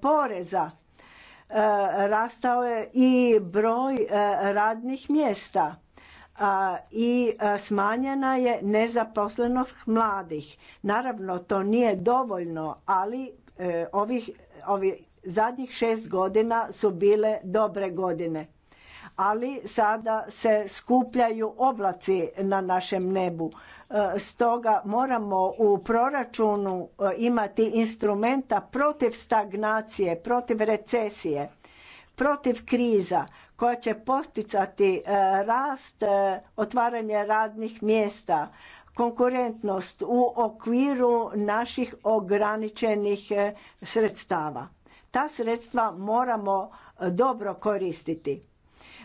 poreza. E, rastao je i broj e, radnih mjesta i smanjena je nezaposlenost mladih. Naravno, to nije dovoljno, ali ovih, ovih zadnjih šest godina su bile dobre godine ali sada se skupljaju oblaci na našem nebu. E, stoga moramo u proračunu e, imati instrumenta protiv stagnacije, protiv recesije, protiv kriza koja će posticati e, rast, otvaranje radnih mjesta, konkurentnost u okviru naših ograničenih sredstava. Ta sredstva moramo dobro koristiti.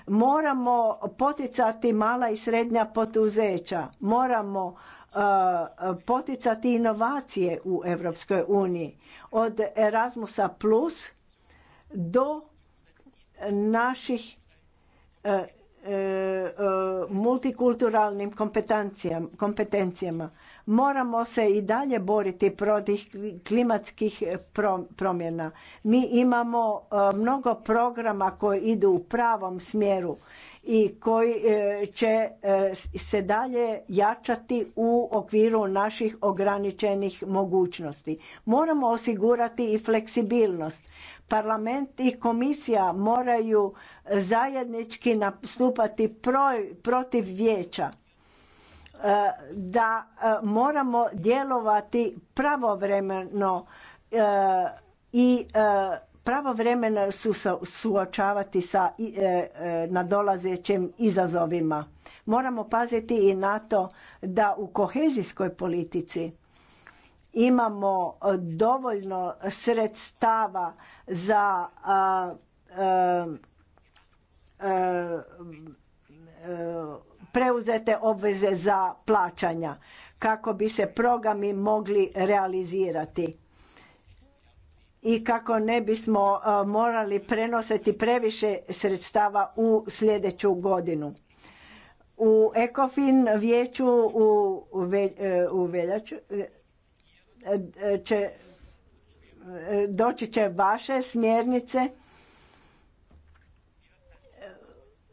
Moramo poticati mala i srednja poduzeća, moramo uh, poticati inovacije u Europskoj uniji od Erasmusa plus do naših uh, E, e, multikulturalnim kompetencijama. Moramo se i dalje boriti protiv klimatskih promjena. Mi imamo e, mnogo programa koji idu u pravom smjeru i koji će se dalje jačati u okviru naših ograničenih mogućnosti. Moramo osigurati i fleksibilnost. Parlament i komisija moraju zajednički nastupati protiv vijeća e, da e, moramo djelovati pravovremeno e, i pravovremeno su suočavati sa nadolazećim izazovima. Moramo paziti i na to da u kohezijskoj politici imamo dovoljno sredstava za E, e, preuzete obveze za plaćanja kako bi se programi mogli realizirati i kako ne bismo e, morali prenositi previše sredstava u sljedeću godinu. U ECOFIN vijeću u veljaču će doći će vaše smjernice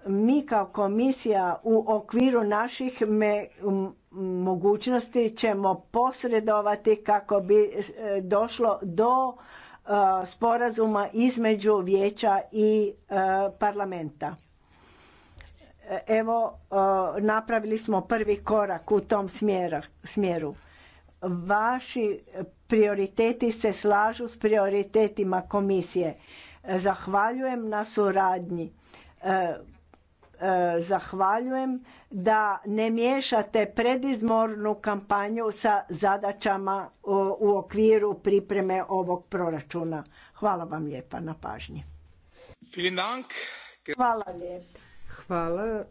mi kao komisija u okviru naših mogućnosti ćemo posredovati kako bi e, došlo do e, sporazuma između vijeća i e, parlamenta. Evo, napravili smo prvi korak u tom smjeru. Vaši prioriteti se slažu s prioritetima komisije. Zahvaljujem na suradnji. E, zahvaljujem da ne miješate predizmornu kampanju sa zadaćama u okviru pripreme ovog proračuna. Hvala vam lijepa na pažnji. Hvala lijepa. Hvala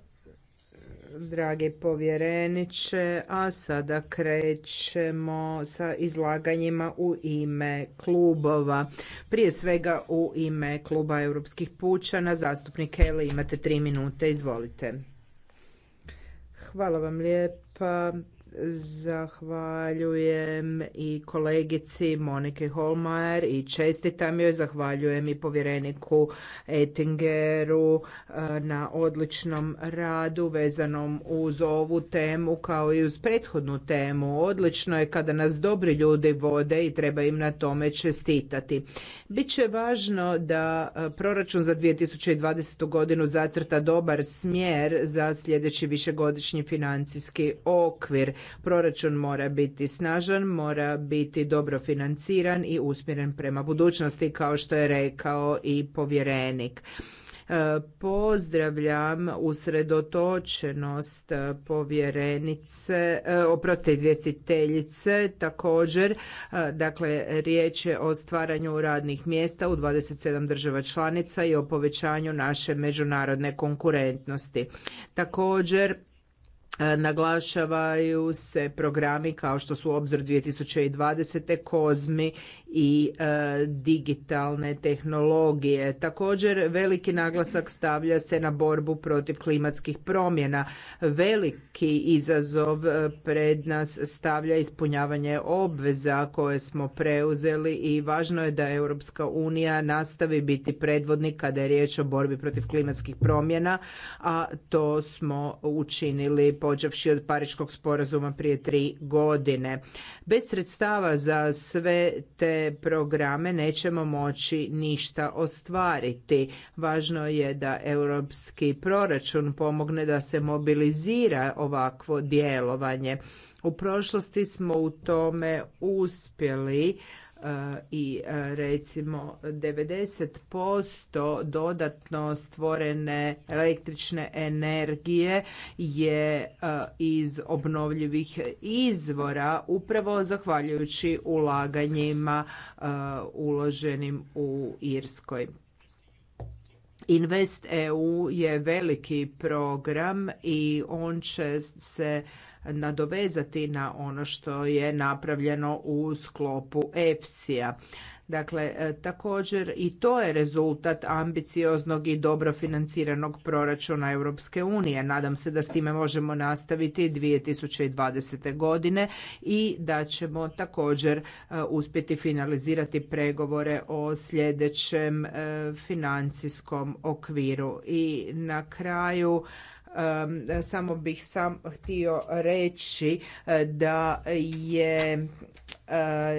dragi povjereniče, a sada krećemo sa izlaganjima u ime klubova. Prije svega u ime kluba Europskih pučana, zastupnik Eli, imate tri minute, izvolite. Hvala vam lijepa Zahvaljujem i kolegici Monike Holmajer i čestitam joj. Zahvaljujem i povjereniku Ettingeru e, na odličnom radu vezanom uz ovu temu kao i uz prethodnu temu. Odlično je kada nas dobri ljudi vode i treba im na tome čestitati. Biće važno da e, proračun za 2020. godinu zacrta dobar smjer za sljedeći višegodišnji financijski okvir Proračun mora biti snažan, mora biti dobro financiran i usmjeren prema budućnosti kao što je rekao i povjerenik e, pozdravljam usredotočenost povjerenice, e, oproste izvjestiteljice također, e, dakle riječ je o stvaranju radnih mjesta u 27 država članica i o povećanju naše međunarodne konkurentnosti. Također Naglašavaju se programi kao što su Obzor 2020, Kozmi i e, digitalne tehnologije. Također veliki naglasak stavlja se na borbu protiv klimatskih promjena. Veliki izazov e, pred nas stavlja ispunjavanje obveza koje smo preuzeli i važno je da Europska unija nastavi biti predvodnik kada je riječ o borbi protiv klimatskih promjena, a to smo učinili počevši od Pariškog sporazuma prije tri godine. Bez sredstava za sve te programe nećemo moći ništa ostvariti. Važno je da europski proračun pomogne da se mobilizira ovakvo djelovanje. U prošlosti smo u tome uspjeli, i e, recimo 90% dodatno stvorene električne energije je e, iz obnovljivih izvora upravo zahvaljujući ulaganjima e, uloženim u Irskoj. Invest EU je veliki program i on će se nadovezati na ono što je napravljeno u sklopu EFSI-a. Dakle, e, također i to je rezultat ambicioznog i dobro financiranog proračuna Europske unije. Nadam se da s time možemo nastaviti 2020. godine i da ćemo također e, uspjeti finalizirati pregovore o sljedećem e, financijskom okviru. I na kraju samo bih sam htio reći e, da je e,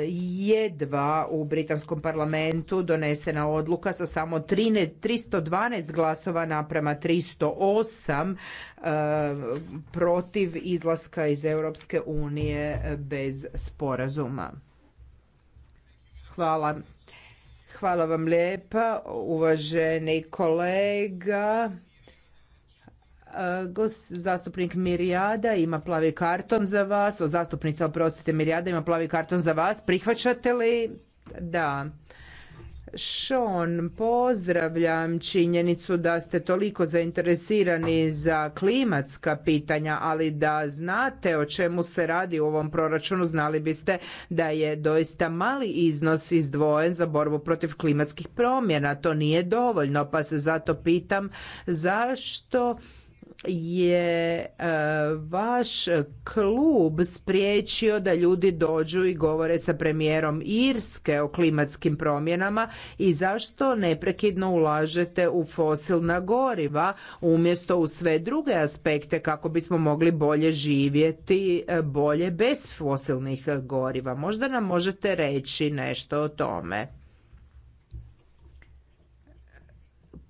jedva u britanskom parlamentu donesena odluka sa samo 13, 312 glasova naprema 308 e, protiv izlaska iz Europske unije bez sporazuma. Hvala. Hvala vam lijepa, uvaženi kolega. Zastupnik Mirijada ima plavi karton za vas. O, zastupnica, oprostite, Mirjada ima plavi karton za vas. Prihvaćate li? Da. Sean, pozdravljam činjenicu da ste toliko zainteresirani za klimatska pitanja, ali da znate o čemu se radi u ovom proračunu, znali biste da je doista mali iznos izdvojen za borbu protiv klimatskih promjena. To nije dovoljno, pa se zato pitam zašto je e, vaš klub spriječio da ljudi dođu i govore sa premijerom Irske o klimatskim promjenama i zašto neprekidno ulažete u fosilna goriva umjesto u sve druge aspekte kako bismo mogli bolje živjeti, e, bolje bez fosilnih goriva. Možda nam možete reći nešto o tome.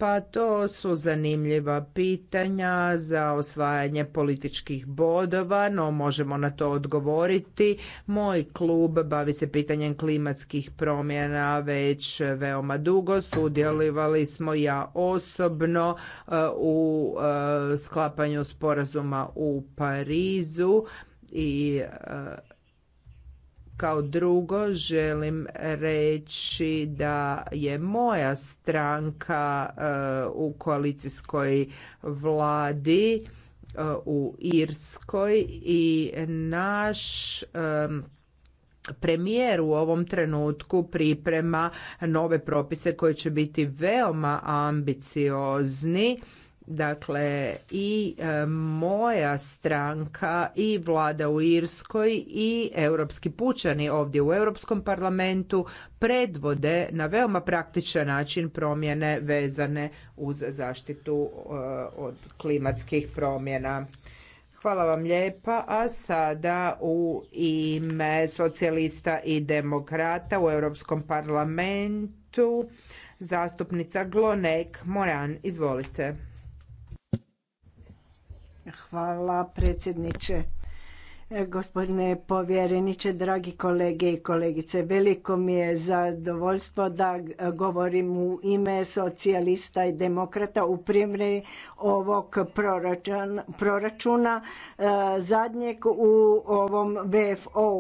Pa to su zanimljiva pitanja za osvajanje političkih bodova, no možemo na to odgovoriti. Moj klub bavi se pitanjem klimatskih promjena već veoma dugo. Sudjelovali smo ja osobno uh, u uh, sklapanju sporazuma u Parizu i uh, kao drugo želim reći da je moja stranka e, u koalicijskoj vladi e, u Irskoj i naš e, premijer u ovom trenutku priprema nove propise koji će biti veoma ambiciozni Dakle, i e, moja stranka i vlada u Irskoj i europski pučani ovdje u Europskom parlamentu predvode na veoma praktičan način promjene vezane uz zaštitu e, od klimatskih promjena. Hvala vam lijepa. A sada u ime socijalista i demokrata u Europskom parlamentu zastupnica Glonek Moran. Izvolite. Hvala predsjedniče. E, gospodine povjereniče, dragi kolege i kolegice, veliko mi je zadovoljstvo da govorim u ime socijalista i demokrata u primjeri ovog proračuna, proračuna e, zadnjeg u ovom VFO.